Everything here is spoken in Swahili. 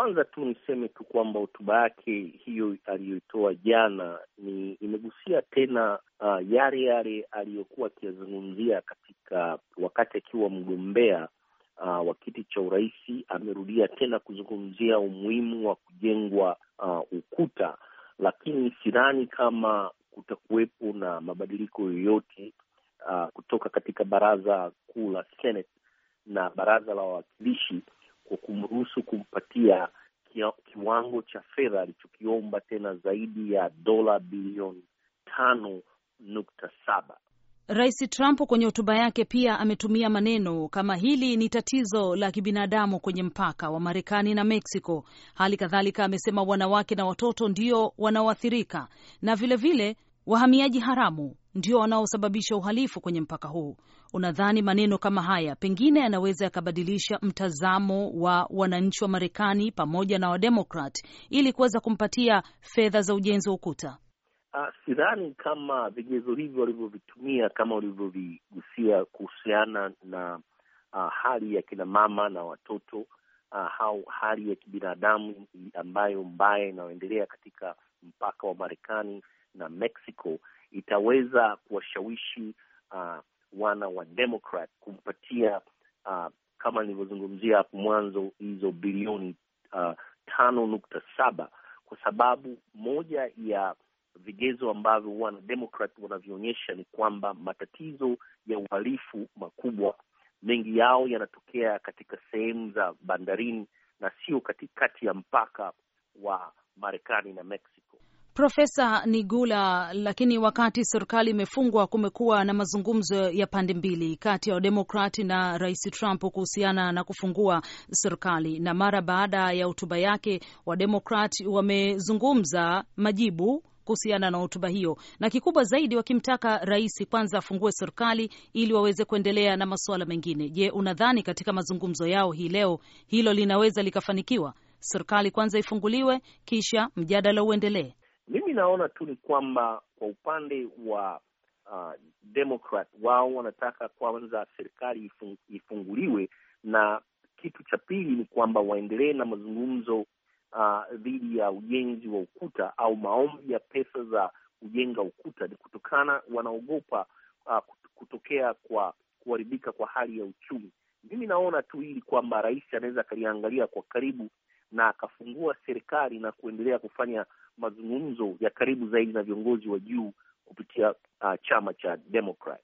Kwanza tu niseme tu kwamba hotuba yake hiyo aliyoitoa jana ni imegusia tena uh, yale yale aliyokuwa akiyazungumzia katika wakati akiwa mgombea uh, wa kiti cha urais. Amerudia tena kuzungumzia umuhimu wa kujengwa uh, ukuta, lakini sidhani kama kutakuwepo na mabadiliko yoyote uh, kutoka katika baraza kuu la Senate na baraza la wawakilishi kwa kumruhusu kumpatia kiwango cha fedha alichokiomba tena zaidi ya dola bilioni tano nukta saba. Rais Trump kwenye hotuba yake pia ametumia maneno kama hili ni tatizo la kibinadamu kwenye mpaka wa Marekani na Meksiko. Hali kadhalika amesema wanawake na watoto ndio wanaoathirika na vilevile vile, Wahamiaji haramu ndio wanaosababisha uhalifu kwenye mpaka huu. Unadhani maneno kama haya pengine yanaweza yakabadilisha mtazamo wa wananchi wa Marekani pamoja na Wademokrat ili kuweza kumpatia fedha za ujenzi wa ukuta? Ah, sidhani kama vigezo hivyo walivyovitumia kama walivyovigusia kuhusiana na uh, hali ya kina mama na watoto uh, ah, au hali ya kibinadamu ambayo mbaya inayoendelea katika mpaka wa Marekani na Mexico itaweza kuwashawishi uh, wana wa Democrat kumpatia uh, kama nilivyozungumzia hapo mwanzo hizo bilioni uh, tano nukta saba kwa sababu moja ya vigezo ambavyo wanademokrat wanavyoonyesha ni kwamba matatizo ya uhalifu makubwa mengi yao yanatokea katika sehemu za bandarini na sio katikati ya mpaka wa Marekani na Mexico. Profesa Nigula, lakini wakati serikali imefungwa, kumekuwa na mazungumzo ya pande mbili kati ya wademokrati na rais Trump kuhusiana na kufungua serikali, na mara baada ya hotuba yake wademokrati wamezungumza majibu kuhusiana na hotuba hiyo, na kikubwa zaidi wakimtaka rais kwanza afungue serikali ili waweze kuendelea na masuala mengine. Je, unadhani katika mazungumzo yao hii leo hilo linaweza likafanikiwa? Serikali kwanza ifunguliwe, kisha mjadala uendelee? naona tu ni kwamba kwa upande wa uh, Democrat wao wanataka kwanza serikali ifung, ifunguliwe na kitu cha pili ni kwamba waendelee na mazungumzo uh, dhidi uh, ya ujenzi wa ukuta au maombi ya pesa za kujenga ukuta. Ni kutokana wanaogopa uh, kutokea kwa kuharibika kwa hali ya uchumi. Mimi naona tu hili kwamba rais anaweza akaliangalia kwa karibu na akafungua serikali na kuendelea kufanya mazungumzo ya karibu zaidi na viongozi wa juu kupitia uh, chama cha Democrat.